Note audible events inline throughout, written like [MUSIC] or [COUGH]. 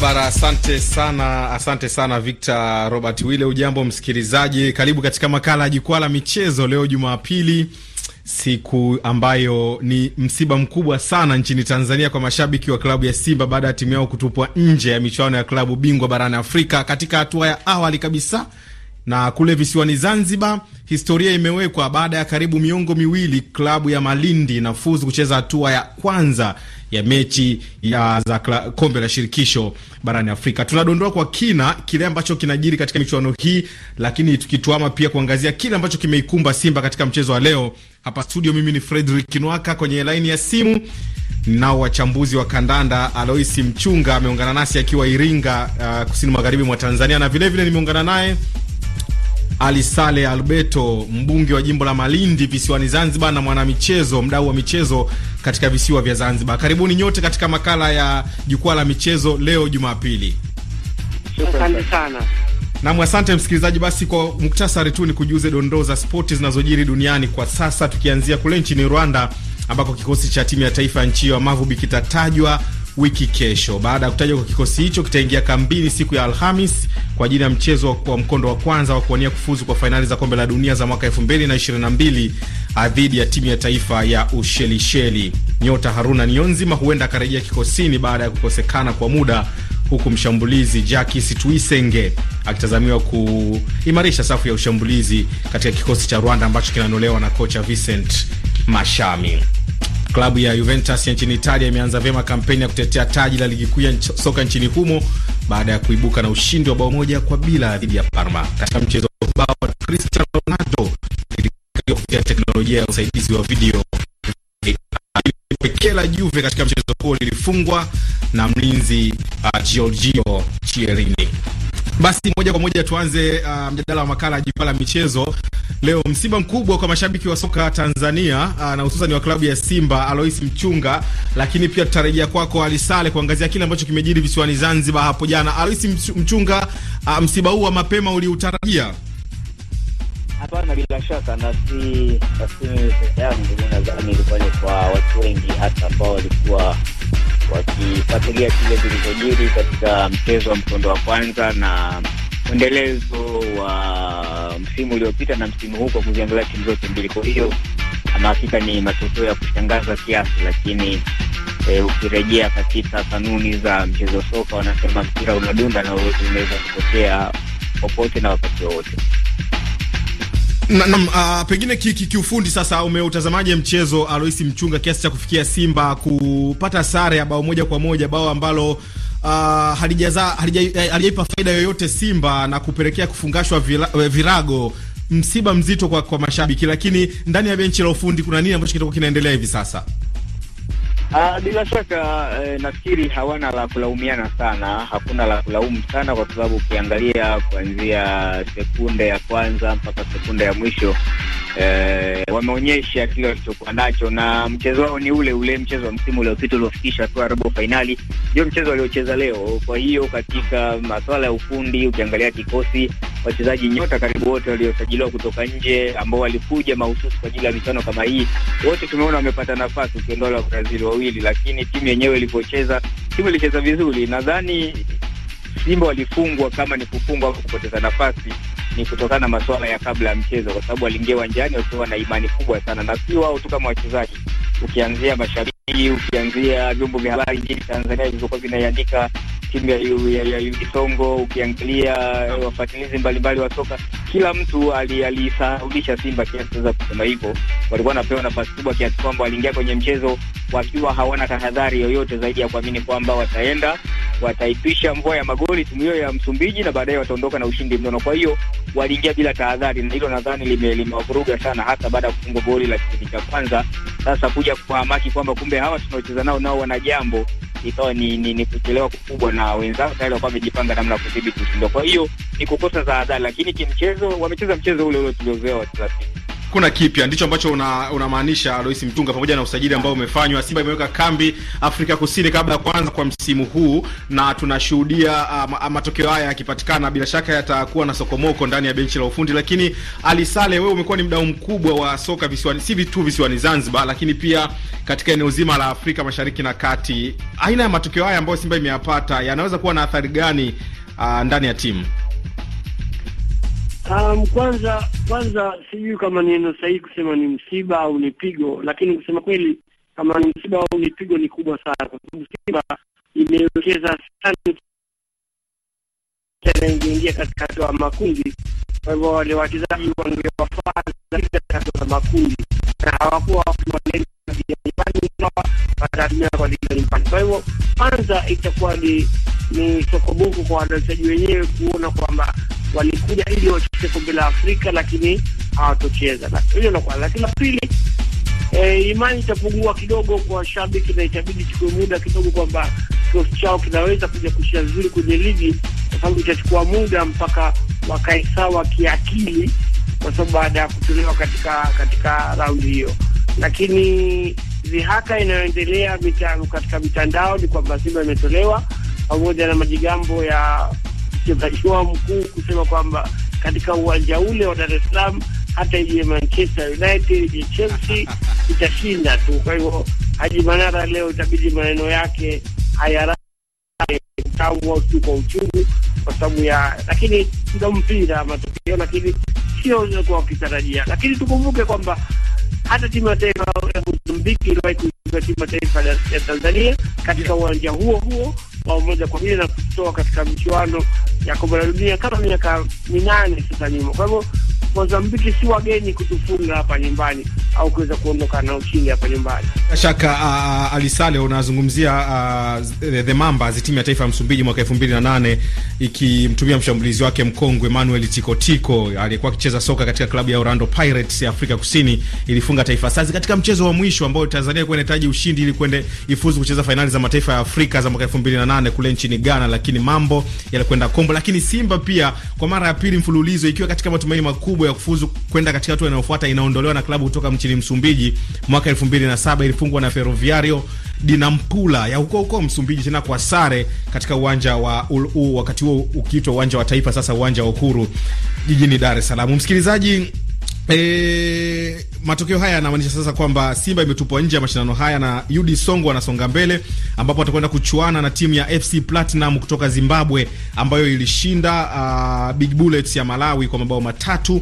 Barabara, asante sana, asante sana Victor Robert Wile. Ujambo msikilizaji, karibu katika makala ya jukwaa la michezo leo Jumapili, siku ambayo ni msiba mkubwa sana nchini Tanzania kwa mashabiki wa klabu ya Simba baada ya timu yao kutupwa nje ya michuano ya klabu bingwa barani Afrika katika hatua ya awali kabisa na kule visiwani Zanzibar, historia imewekwa baada ya karibu miongo miwili, klabu ya Malindi inafuzu kucheza hatua ya kwanza ya mechi ya za kombe la shirikisho barani Afrika. Tunadondoa kwa kina kile ambacho kinajiri katika michuano hii, lakini tukituama pia kuangazia kile ambacho kimeikumba Simba katika mchezo wa leo. Hapa studio, mimi ni Fredrick Kinwaka, kwenye laini ya simu nao wachambuzi wa kandanda Aloisi Mchunga ameungana nasi akiwa Iringa, uh, kusini magharibi mwa Tanzania, na vilevile nimeungana naye ali Sale Alberto, mbunge wa jimbo la Malindi visiwani Zanzibar na mwanamichezo, mdau wa michezo katika visiwa vya Zanzibar. Karibuni nyote katika makala ya jukwaa la michezo leo Jumapili. Asante sana. Nam, asante msikilizaji. Basi kwa muktasari tu ni kujuze dondoo za spoti zinazojiri duniani kwa sasa, tukianzia kule nchini Rwanda ambako kikosi cha timu ya taifa ya nchi hiyo Amavubi kitatajwa wiki kesho. Baada ya kutajwa kwa kikosi hicho, kitaingia kambini siku ya Alhamis kwa ajili ya mchezo wa mkondo wa kwanza wa kuwania kufuzu kwa fainali za kombe la dunia za mwaka 2022 ah, dhidi ya timu ya taifa ya Ushelisheli. Nyota Haruna Nionzima huenda akarejea kikosini baada ya kukosekana kwa muda huku mshambulizi Jaki Situisenge akitazamiwa kuimarisha safu ya ushambulizi katika kikosi cha Rwanda ambacho kinanolewa na kocha Vincent Mashami. Klabu ya Juventus ya nchini Italia imeanza vyema kampeni ya kutetea taji la ligi kuu ya soka nchini humo baada ya kuibuka na ushindi wa bao moja kwa bila dhidi ya Parma katika mchezo bao wa Cristiano Ronaldo kupitia teknolojia ya usaidizi wa video pekee la Juve katika mchezo huo lilifungwa na mlinzi uh, Giorgio Chiellini. Basi moja kwa moja tuanze uh, mjadala wa makala ya jukwaa la michezo leo. Msiba mkubwa kwa mashabiki wa soka Tanzania uh, na hususan wa klabu ya Simba, Alois Mchunga, lakini pia tutarejea kwako kwa Alisale kuangazia kile ambacho kimejiri visiwani Zanzibar hapo jana. Alois Mchunga, uh, msiba huu wa mapema uliutarajia? Hapana, bila shaka na si eh, yangu, nadhani ilikuwa ni kwa watu wengi, hata ambao walikuwa wakifuatilia kile kilichojiri katika mchezo wa mkondo wa kwanza na mwendelezo wa msimu uliopita na msimu huu kwa kuziangalia timu zote mbili. Kwa hiyo ama hakika ni matokeo ya kushangaza kiasi, lakini e, ukirejea katika kanuni za mchezo soka, wanasema mpira unadunda na unaweza kutokea popote na wakati wowote. Na, na, uh, pengine kiufundi ki, ki sasa umeutazamaje mchezo ah, Aloisi Mchunga kiasi cha kufikia Simba kupata sare ya bao moja kwa moja bao ambalo uh, halijaipa halija faida yoyote Simba na kupelekea kufungashwa vira, eh, virago msiba mzito kwa, kwa mashabiki, lakini ndani ya benchi la ufundi kuna nini ambacho kitakuwa kinaendelea hivi sasa? Ah, bila shaka eh, nafikiri hawana la kulaumiana sana, hakuna la kulaumu sana kwa sababu ukiangalia kuanzia sekunde ya kwanza mpaka sekunde ya mwisho eh, wameonyesha kile walichokuwa nacho, na mchezo wao ni ule ule mchezo wa msimu uliopita uliofikisha hatua robo fainali, ndio mchezo waliocheza leo. Kwa hiyo katika masuala ya ufundi ukiangalia kikosi wachezaji nyota karibu wote waliosajiliwa kutoka nje ambao walikuja mahususi kwa ajili ya michuano kama hii, wote tumeona wamepata nafasi, ukiondoa wa Brazil wawili, lakini timu yenyewe ilivyocheza, timu ilicheza vizuri. Nadhani Simba walifungwa, kama ni kufungwa au kupoteza nafasi ni kutokana na masuala ya kabla ya mchezo, kwa sababu waliingia uwanjani wakiwa na imani kubwa sana, na si wao tu kama wachezaji, ukianzia mashabiki, ukianzia vyombo vya habari nchini Tanzania vilivyokuwa vinaiandika timu ya Yugosongo, ukiangalia wafatilizi mbalimbali wa soka, kila mtu aliisahaulisha ali Simba kiasi cha kusema hivyo. Walikuwa wanapewa nafasi kubwa kiasi kwamba waliingia kwenye mchezo wakiwa hawana tahadhari yoyote zaidi ya kuamini kwamba wataenda wataipisha mvua ya magoli timu hiyo ya Msumbiji na baadaye wataondoka na ushindi mnono. Kwa hiyo waliingia bila tahadhari, na hilo nadhani limewavuruga lime sana, hasa baada ya kufunga goli la kipindi cha kwanza. Sasa kuja kuhamaki kwamba kumbe hawa tunaocheza nao nao wana jambo ikawa ni, ni, ni kuchelewa kukubwa na wenzao tayari wakawa wamejipanga namna ya kudhibiti ushindo. Kwa hiyo ni kukosa zaadha, lakini kimchezo wamecheza mchezo ule ule tuliozoea wa kuna kipya ndicho ambacho unamaanisha una Alois Mtunga. Pamoja na usajili ambao umefanywa, Simba imeweka kambi Afrika Kusini kabla ya kuanza kwa msimu huu, na tunashuhudia uh, matokeo haya yakipatikana, bila shaka yatakuwa na sokomoko ndani ya benchi la ufundi. Lakini Ali Sale, wewe umekuwa ni mdau mkubwa wa soka visiwani, si tu visiwani Zanzibar, lakini pia katika eneo zima la Afrika Mashariki na Kati. Aina ya matokeo haya ambayo Simba imeyapata yanaweza kuwa na athari gani uh, ndani ya timu? Um, kwanza kwanza sijui kama ni neno sahihi kusema ni msiba au ni pigo, lakini kusema kweli kama ni msiba au ni pigo ni kubwa sana, kwa sababu Simba imewekeza sana ingeingia katika hatua ya makundi. Kwa hivyo wale wachezaji wangewafaa zaidi katika hatua ya makundi, na hawakuwa watatumia kwa liga nyumbani. Kwa hivyo kwanza itakuwa ni sokobuku kwa wachezaji wenyewe kuona kwamba walikuja ili wachukue kombe la Afrika, lakini hawatocheza. Hilo la kwanza. Lakini la pili, e, imani itapungua kidogo kwa shabiki na itabidi chukue muda kidogo kwamba kikosi chao kinaweza kuja kushia vizuri kwenye ligi, kwa sababu itachukua muda mpaka wakae sawa kiakili, kwa sababu baada ya kutolewa katika katika raundi hiyo. Lakini dhihaka inayoendelea mita, katika mitandao ni kwamba Simba imetolewa pamoja na majigambo ya mchezaji wao mkuu kusema kwamba katika uwanja ule wa Dar es Salaam hata ije Manchester United ije Chelsea [LAUGHS] itashinda tu. Kwa hivyo Haji Manara leo itabidi maneno yake hayara ausi kwa uchungu kwa sababu ya lakini ndo mpira matokeo, lakini sio kwa wakitarajia. Lakini tukumbuke kwamba hata timu ya taifa ya Mozambiki iliwahi kuiza timu ya taifa ya Tanzania katika uwanja huo huo bao moja kwa bila na kutoa katika michuano ya kombe la dunia kama miaka minane sasa nyuma. Kwa hivyo Mozambiki si wageni kutufunga hapa nyumbani au kuweza kuondoka na ushindi hapa nyumbani. Bila shaka uh, Alisale unazungumzia uh, the mamba Mambas, timu ya taifa ya Msumbiji mwaka 2008 ikimtumia mshambulizi wake mkongwe Emmanuel Tikotiko aliyekuwa akicheza soka katika klabu ya Orlando Pirates ya Afrika Kusini, ilifunga Taifa Stars katika mchezo wa mwisho ambao Tanzania ilikuwa inahitaji ushindi ili kwende ifuzu kucheza fainali za mataifa ya Afrika za mwaka 2008 kule nchini Ghana, lakini mambo yalikwenda kombo. Lakini Simba pia kwa mara ya pili mfululizo ikiwa katika matumaini makubwa ya kufuzu kwenda katika hatua inayofuata inaondolewa na klabu kutoka mchini nchini Msumbiji mwaka 2007 ilifungwa na Ferroviario Dinampula ya huko huko Msumbiji tena kwa sare katika uwanja wa ulu, wakati huo ukiitwa uwanja wa Taifa, sasa uwanja wa Uhuru jijini Dar es Salaam. Msikilizaji, E, matokeo haya yanamaanisha sasa kwamba Simba imetupwa nje ya mashindano haya na UD Songo anasonga mbele ambapo atakwenda kuchuana na timu ya FC Platinum kutoka Zimbabwe ambayo ilishinda uh, Big Bullets ya Malawi kwa mabao matatu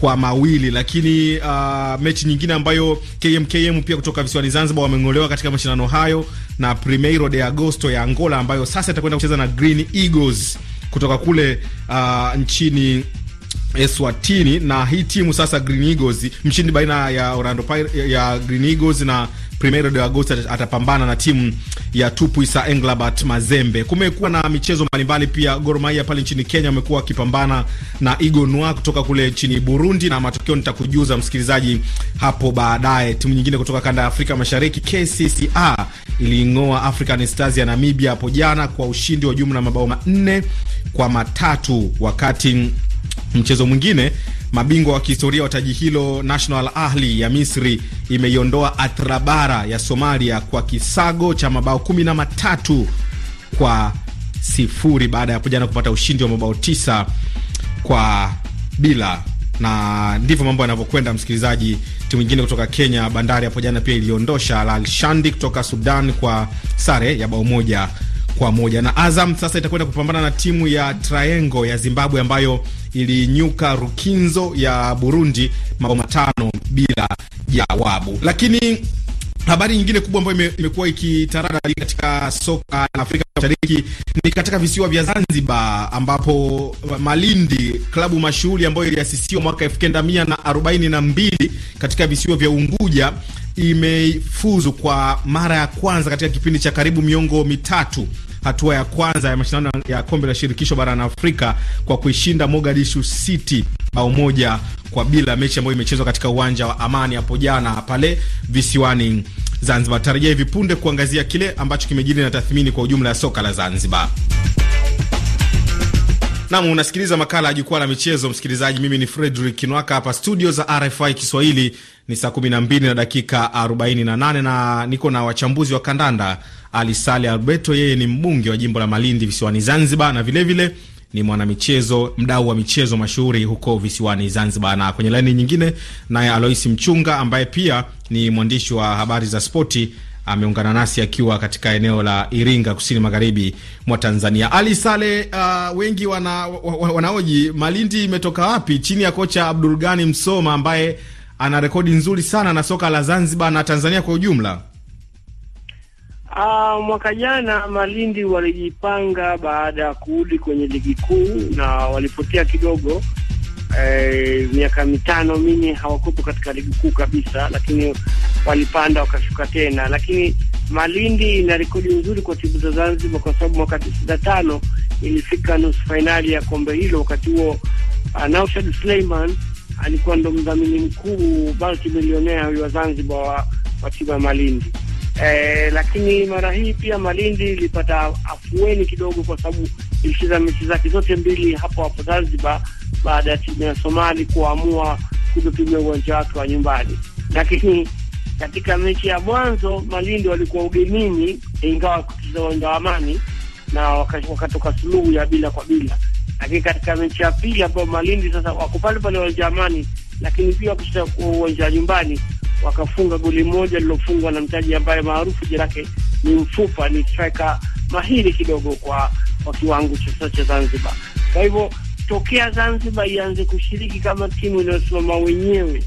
kwa mawili, lakini uh, mechi nyingine ambayo KMKM pia kutoka visiwani Zanzibar wameng'olewa katika mashindano hayo na Primeiro de Agosto ya Angola ambayo sasa itakwenda kucheza na Green Eagles kutoka kule uh, nchini Eswatini eh, na hii timu sasa Green Eagles, mshindi baina ya Orlando ya Green Eagles na Primero de Agosto atapambana na timu ya Tupuisa Englabat Mazembe. Kumekuwa na michezo mbalimbali pia, Gor Mahia pale nchini Kenya wamekuwa wakipambana na Eagle Noir kutoka kule nchini Burundi, na matokeo nitakujuza msikilizaji hapo baadaye. Timu nyingine kutoka kanda ya Afrika Mashariki, KCCA iliing'oa African Stars ya Namibia hapo jana kwa ushindi wa jumla mabao manne kwa matatu wakati Mchezo mwingine, mabingwa wa kihistoria wa taji hilo National Ahli ya Misri imeiondoa Atrabara ya Somalia kwa kisago cha mabao kumi na matatu kwa sifuri baada ya kujana kupata ushindi wa mabao tisa kwa bila na ndivyo mambo yanavyokwenda, msikilizaji. Timu nyingine kutoka Kenya, Bandari hapo jana pia iliondosha Al Shandi kutoka Sudan kwa sare ya bao moja kwa moja. Na Azam sasa itakwenda kupambana na timu ya Triangle ya Zimbabwe ambayo ilinyuka Rukinzo ya Burundi mabao matano bila jawabu. Lakini habari nyingine kubwa ambayo imekuwa ikitarada katika soka la Afrika Mashariki ni katika visiwa vya Zanzibar, ambapo Malindi, klabu mashuhuri ambayo iliasisiwa mwaka elfu kenda mia na arobaini na mbili katika visiwa vya Unguja imefuzu kwa mara ya kwanza katika kipindi cha karibu miongo mitatu hatua ya kwanza ya mashindano ya kombe la shirikisho barani Afrika kwa kuishinda Mogadishu City bao moja kwa bila, mechi ambayo imechezwa katika uwanja wa Amani hapo jana pale visiwani Zanzibar. Tarajia hivi punde kuangazia kile ambacho kimejiri na tathmini kwa ujumla ya soka la Zanzibar. Nam, unasikiliza makala ya jukwaa la michezo, msikilizaji. Mimi ni Fredrick Kinwaka hapa studio za RFI Kiswahili. Ni saa 12 na dakika 48 na niko na wachambuzi wa kandanda. Ali Sale Alberto, yeye ni mbunge wa jimbo la Malindi visiwani Zanzibar na vilevile vile, ni mwanamichezo mdau wa michezo mashuhuri huko visiwani Zanzibar, na kwenye laini nyingine naye Aloisi Mchunga ambaye pia ni mwandishi wa habari za spoti ameungana nasi akiwa katika eneo la Iringa, kusini magharibi mwa Tanzania. Ali Sale, uh, wengi wana, wanaoji Malindi imetoka wapi chini ya kocha Abdul Gani Msoma ambaye ana rekodi nzuri sana na soka la Zanzibar na Tanzania kwa ujumla. Uh, mwaka jana Malindi walijipanga baada ya kurudi kwenye ligi kuu na walipotea kidogo eh, miaka mitano mini hawakupo katika ligi kuu kabisa, lakini walipanda wakashuka tena, lakini Malindi ina rekodi nzuri kwa timu za Zanzibar kwa sababu mwaka tisini na tano ilifika nusu fainali ya kombe hilo. Wakati huo uh, Naushad Suleiman alikuwa ndo mdhamini mkuu multimillionaire huyo wa Zanzibar wa, wa timu ya Malindi. Eh, lakini mara hii pia Malindi ilipata afueni kidogo, kwa sababu ilicheza mechi zake zote mbili hapo hapo Zanzibar baada ya timu ya Somali kuamua kutotumia uwanja wake wa nyumbani, lakini katika mechi ya mwanzo Malindi walikuwa ugenini, ingawa kucheza uwanja wa Amani na wakatoka suluhu ya bila kwa bila, lakini katika mechi ya pili ambayo Malindi sasa wako pale pale uwanja wa Amani, lakini pia wakucheza uwanja wa nyumbani wakafunga goli moja lilofungwa na mtaji ambaye maarufu jina lake ni Mfupa, ni striker mahiri kidogo kwa kwa kiwango cha cha Zanzibar. Kwa hivyo tokea Zanzibar ianze kushiriki kama timu inayosimama wenyewe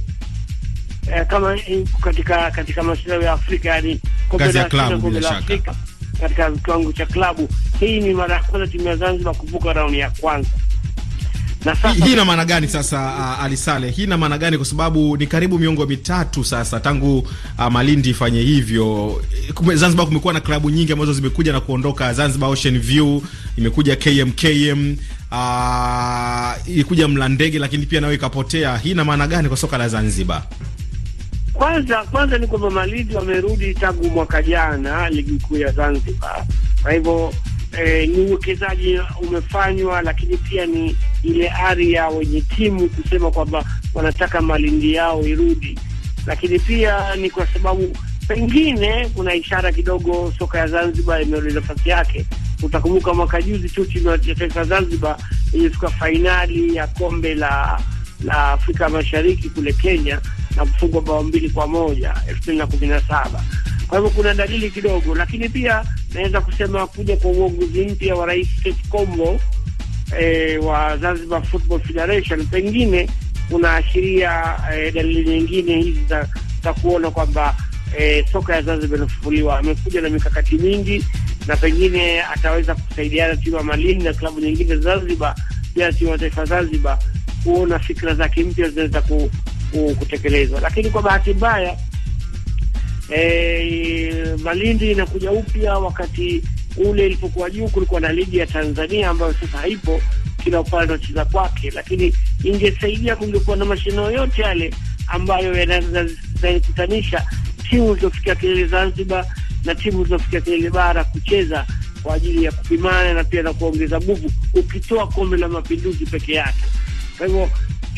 eh, kama katika katika mashindano ya Afrika, yani kombe la Afrika katika kiwango cha klabu. Hii ni mara ya kwanza timu ya Zanzibar kuvuka raundi ya kwanza. Na sasa hii ina maana gani sasa, uh, Alisale, Hii ina maana gani kwa sababu ni karibu miongo mitatu sasa tangu uh, Malindi ifanye hivyo. Kume, Zanzibar kumekuwa na klabu nyingi ambazo zimekuja na kuondoka. Zanzibar Ocean View imekuja, KMKM uh, ilikuja Mlandege, lakini pia nayo ikapotea. Hii ina maana gani kwa soka la Zanzibar? Kwanza kwanza ni kwamba Malindi wamerudi tangu mwaka jana ligi kuu ya Zanzibar, kwa hivyo eh, ni uwekezaji umefanywa, lakini pia ni ile ari ya wenye timu kusema kwamba wanataka Malindi yao irudi, lakini pia ni kwa sababu pengine kuna ishara kidogo soka ya Zanzibar imerudi nafasi yake. Utakumbuka mwaka juzi tu timu ya taifa Zanzibar ilifika fainali ya kombe la la Afrika Mashariki kule Kenya na kufungwa bao mbili kwa moja elfu mbili na kumi na saba. Kwa hivyo kuna dalili kidogo, lakini pia naweza kusema kuja kwa uongozi mpya wa Rais Seif Kombo e, eh, wa Zanzibar Football Federation pengine kunaashiria e, eh, dalili nyingine hizi za, za kuona kwamba e, soka ya Zanzibar inafufuliwa. Amekuja na mikakati mingi na pengine ataweza kusaidiana timu ya Malindi na klabu nyingine Zanzibar pia timu ya taifa Zanzibar kuona fikra zake mpya zinaweza kutekelezwa, lakini kwa bahati mbaya e, Malindi inakuja upya wakati ule ilipokuwa juu kulikuwa na ligi ya Tanzania ambayo sasa haipo, kila upande wacheza kwake, lakini ingesaidia kungekuwa na mashindano yote yale ambayo yanakutanisha timu zilizofikia kilele Zanzibar na timu zilizofikia kilele bara kucheza kwa ajili ya kupimana na pia na kuongeza nguvu, ukitoa kombe la mapinduzi peke yake. Kwa hivyo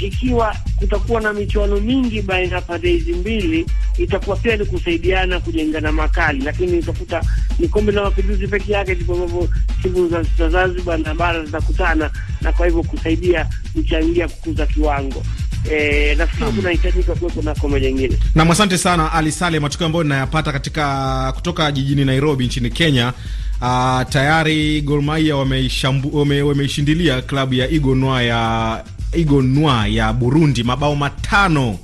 ikiwa kutakuwa na michuano mingi baina ya pande hizi mbili, itakuwa pia ni kusaidiana kujengana makali, lakini utakuta ni kombe la mapinduzi peke yake ndipo ambavyo timu za Zanzibar na bara zitakutana, na kwa hivyo kusaidia kuchangia kukuza kiwango. E, nafikiri kunahitajika kuwepo na kombe lingine. Nam, asante sana Ali Sale. Matokeo ambayo ninayapata katika kutoka jijini Nairobi nchini Kenya. Uh, tayari Gor Mahia wameishindilia wame klabu ya Igonwa ya Igonwa ya Burundi mabao matano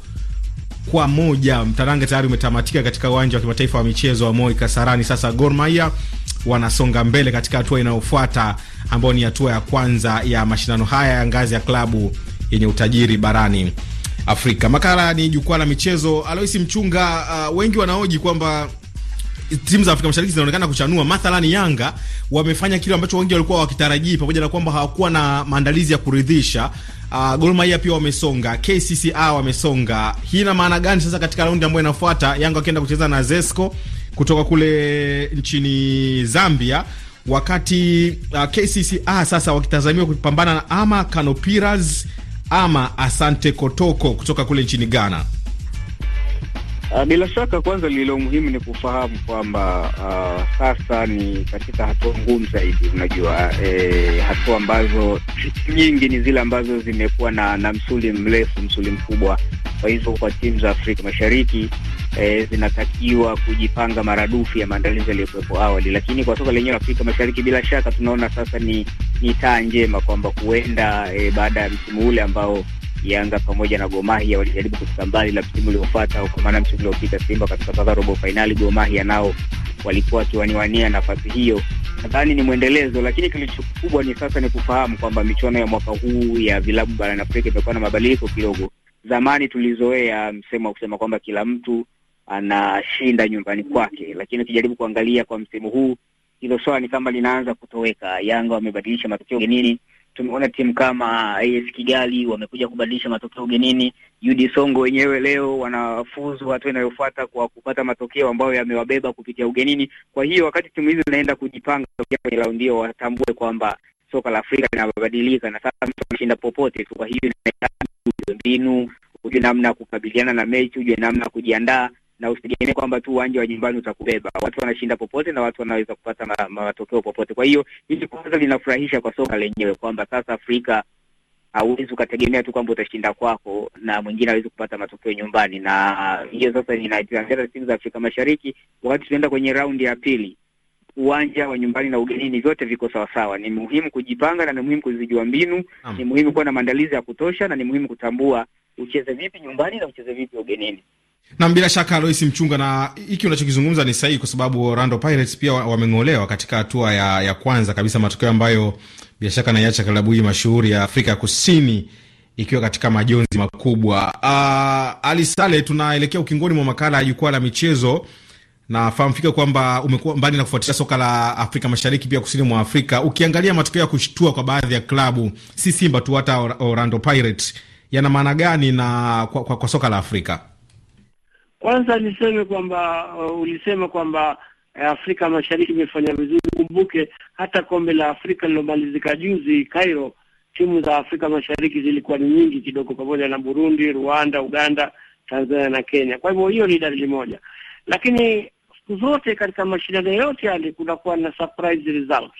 kwa moja. Mtarange tayari umetamatika katika uwanja wa kimataifa wa michezo wa Moi Kasarani. Sasa Gor Mahia wanasonga mbele katika hatua inayofuata ambayo ni hatua ya kwanza ya mashindano haya ya ngazi ya klabu yenye utajiri barani Afrika. Makala ni jukwaa la michezo. Aloisi Mchunga, uh, wengi wanaoji kwamba timu za Afrika Mashariki zinaonekana kuchanua. Mathalani Yanga wamefanya kile ambacho wengi walikuwa wakitarajii, pamoja na kwamba hawakuwa na maandalizi ya kuridhisha. Uh, Gor Mahia pia wamesonga, KCCA wamesonga. Hii ina maana gani sasa katika raundi ambayo inafuata, Yanga wakienda kucheza na Zesco kutoka kule nchini Zambia, wakati uh, ah, KCCA sasa wakitazamiwa kupambana na ama Kanopiras ama Asante Kotoko kutoka kule nchini Ghana. Ah, bila shaka kwanza, lililo muhimu ni kufahamu kwamba uh, sasa ni katika hatua ngumu zaidi. Unajua eh, hatua ambazo nyingi ni zile ambazo zimekuwa na, na msuli mrefu, msuli mkubwa. Kwa hivyo kwa timu za Afrika Mashariki eh, zinatakiwa kujipanga maradufu ya maandalizi yaliyokuwepo awali, lakini kwa soka lenyewe Afrika Mashariki bila shaka tunaona sasa ni, ni taa njema kwamba huenda eh, baada ya msimu ule ambao Yanga pamoja na Gomahia walijaribu kufika mbali la msimu uliofuata, kwa maana msimu uliopita Simba katika sasa robo fainali, Gomahia nao walikuwa wakiwaniwania nafasi hiyo. Nadhani ni mwendelezo, lakini kubwa ni sasa ni kufahamu kwamba michuano ya mwaka huu ya vilabu barani Afrika imekuwa na mabadiliko kidogo. Zamani tulizoea msemo wa kusema kwamba kila mtu anashinda nyumbani kwake, lakini ukijaribu kuangalia kwa msimu huu hilo swala ni kama linaanza kutoweka. Yanga wamebadilisha matokeo genini tumeona timu kama AS Kigali wamekuja kubadilisha matokeo ugenini. UD Songo wenyewe leo wanafuzu hatua inayofuata kwa kupata matokeo ambayo yamewabeba kupitia ugenini. Kwa hiyo wakati timu hizi zinaenda kujipanga kwenye raundi hiyo, watambue kwamba soka la Afrika linabadilika na sasa mtu anashinda popote tu. Kwa hiyo inahitaji mbinu, ujue namna ya kukabiliana na mechi, ujue namna ya kujiandaa na usitegemee kwamba tu uwanja wa nyumbani utakubeba. Watu wanashinda popote na watu wanaweza kupata matokeo popote. Kwa hiyo hili kwanza linafurahisha kwa soka lenyewe kwamba sasa Afrika hauwezi ukategemea tu kwamba utashinda kwako na mwingine awezi kupata matokeo nyumbani, na hiyo sasa inaziangaza timu za Afrika Mashariki. Wakati tunaenda kwenye raundi ya pili, uwanja wa nyumbani na ugenini vyote viko sawasawa. Ni muhimu kujipanga na ni muhimu kuzijua mbinu um. Ni muhimu kuwa na maandalizi ya kutosha na ni muhimu kutambua ucheze vipi nyumbani na ucheze vipi ugenini. Nam, bila shaka Alois Mchunga, na hiki unachokizungumza ni sahihi, kwa sababu Orlando Pirates pia wameng'olewa katika hatua ya, ya kwanza kabisa, matokeo ambayo bila shaka naiacha klabu hii mashuhuri ya Afrika ya Kusini ikiwa katika majonzi makubwa. Uh, Ali Sale, tunaelekea ukingoni mwa makala ya jukwaa la michezo na fahamfika kwamba umekuwa mbali na kufuatilia soka la Afrika Mashariki, pia kusini mwa Afrika, ukiangalia matokeo ya kushtua kwa baadhi ya klabu, si Simba tu, hata Orlando Pirates, yana maana gani na kwa, kwa, kwa soka la Afrika? Kwanza niseme kwamba uh, ulisema kwamba eh, Afrika Mashariki imefanya vizuri. Kumbuke hata kombe la Afrika lilomalizika juzi Cairo, timu za Afrika Mashariki zilikuwa ni nyingi kidogo, pamoja na Burundi, Rwanda, Uganda, Tanzania na Kenya. Kwa hivyo hiyo ni dalili moja, lakini siku zote katika mashindano yote yale kunakuwa na surprise results,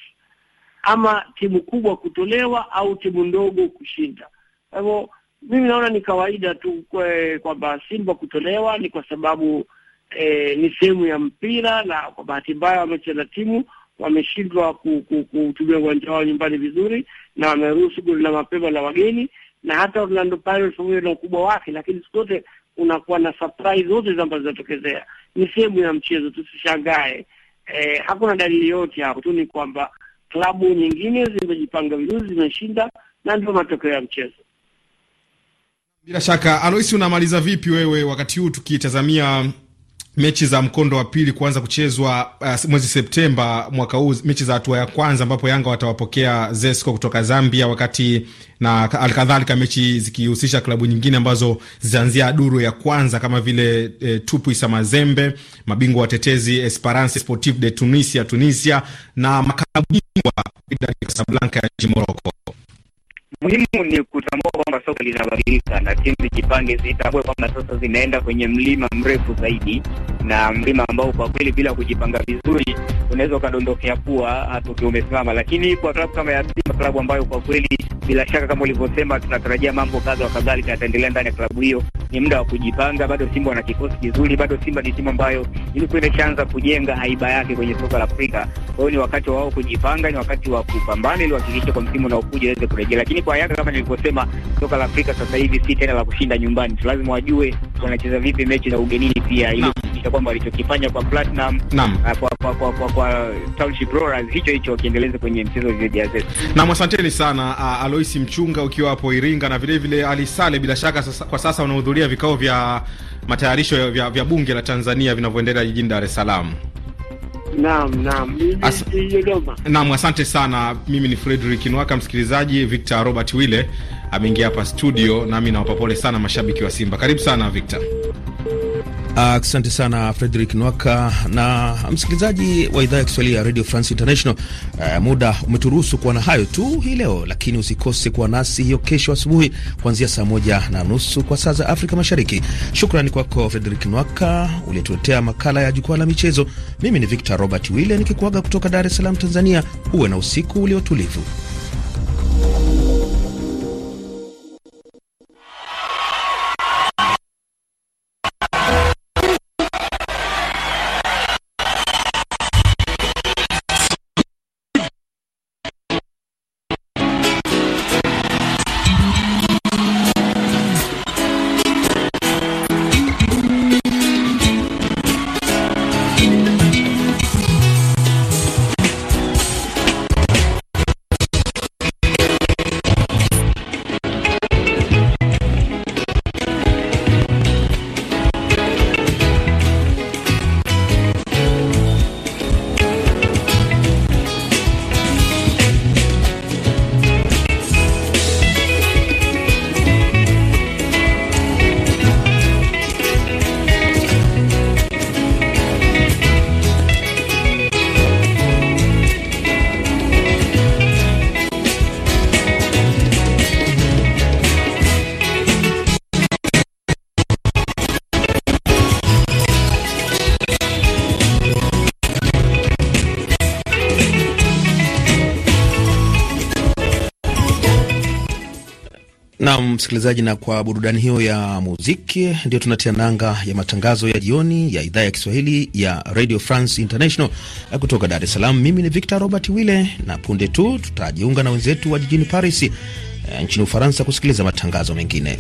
ama timu kubwa kutolewa au timu ndogo kushinda. Kwa hivyo mimi naona ni kawaida tu kwamba Simba kutolewa ni kwa sababu e, ni sehemu ya mpira, na kwa bahati mbaya wamecheza timu wameshindwa kutumia uwanja wao nyumbani vizuri, na wameruhusu goli la mapema la wageni, na hata Orlando Pirates pamoja na ukubwa wake, lakini siku zote unakuwa na surprise zote ambazo zinatokezea. Ni sehemu ya mchezo, tusishangae. E, eh, hakuna dalili yote hapo, tu ni kwamba klabu nyingine zimejipanga vizuri, zimeshinda, na ndio matokeo ya mchezo. Bila shaka, Aloisi, unamaliza vipi wewe wakati huu tukitazamia mechi za mkondo wa pili kuanza kuchezwa uh, mwezi Septemba mwaka huu, mechi za hatua ya kwanza ambapo Yanga watawapokea Zesco kutoka Zambia, wakati na alikadhalika mechi zikihusisha klabu nyingine ambazo zitaanzia duru ya kwanza kama vile e, Tupu Isa Mazembe, mabingwa watetezi Esperance Sportive de Tunisia Tunisia, na makamu bingwa Wydad Casablanca ya Morocco. Muhimu ni kutambua kwamba soko linabadilika, na timu zijipange, zitambue kwamba sasa zinaenda kwenye mlima mrefu zaidi, na mlima ambao kwa kweli bila kujipanga vizuri unaweza ukadondokea kuwa hata ukiwa umesimama. Lakini kwa klabu kama ya Simba, klabu ambayo kwa kweli bila shaka, kama ulivyosema, tunatarajia mambo kadha wa kadhalika yataendelea ndani ya klabu hiyo, ni muda wa kujipanga. Bado Simba wana kikosi kizuri, bado Simba ni timu ambayo ilikuwa imeshaanza kujenga haiba yake kwenye soka la Afrika. Kwa hiyo ni wakati wao kujipanga, ni wakati wa kupambana ili wahakikishe kwa msimu unaokuja iweze kurejea, lakini kwa kwa Yanga kama nilivyosema, soka la Afrika sasa hivi si tena la kushinda nyumbani, so lazima wajue wanacheza vipi mechi za ugenini pia, ili kuhakikisha kwamba walichokifanya kwa Platinum uh, kwa kwa, kwa, kwa, kwa Township Rollers hicho hicho wakiendeleza kwenye mchezo dhidi ya Zetu. Naam, asanteni sana uh, Aloisi Mchunga ukiwa hapo Iringa na vile vile Ali Sale, bila shaka sasa, kwa sasa unahudhuria vikao vya matayarisho vya, vya bunge la Tanzania vinavyoendelea jijini Dar es Salaam. Naam, asante sana. Mimi ni Frederick Nwaka. Msikilizaji, Victor Robert wille ameingia hapa studio, nami nawapa pole sana mashabiki wa Simba. Karibu sana Victor. Ah, asante uh, sana Frederick Nwaka na msikilizaji wa idhaa ya Kiswahili ya Radio France International. Uh, muda umeturuhusu kuwa na hayo tu hii leo, lakini usikose kuwa nasi hiyo kesho asubuhi kuanzia saa moja na nusu kwa saa za Afrika Mashariki. Shukrani kwako Frederick Nwaka uliyetuletea makala ya jukwaa la michezo. Mimi ni Victor Robert Wille nikikuaga kutoka Dar es Salaam, Tanzania. Uwe na usiku uliotulivu. Nam msikilizaji, na kwa burudani hiyo ya muziki ndio tunatia nanga ya matangazo ya jioni ya idhaa ya Kiswahili ya Radio France International eh, kutoka Dar es Salaam. Mimi ni Victor Robert Wille, na punde tu tutajiunga na wenzetu wa jijini Paris eh, nchini Ufaransa kusikiliza matangazo mengine.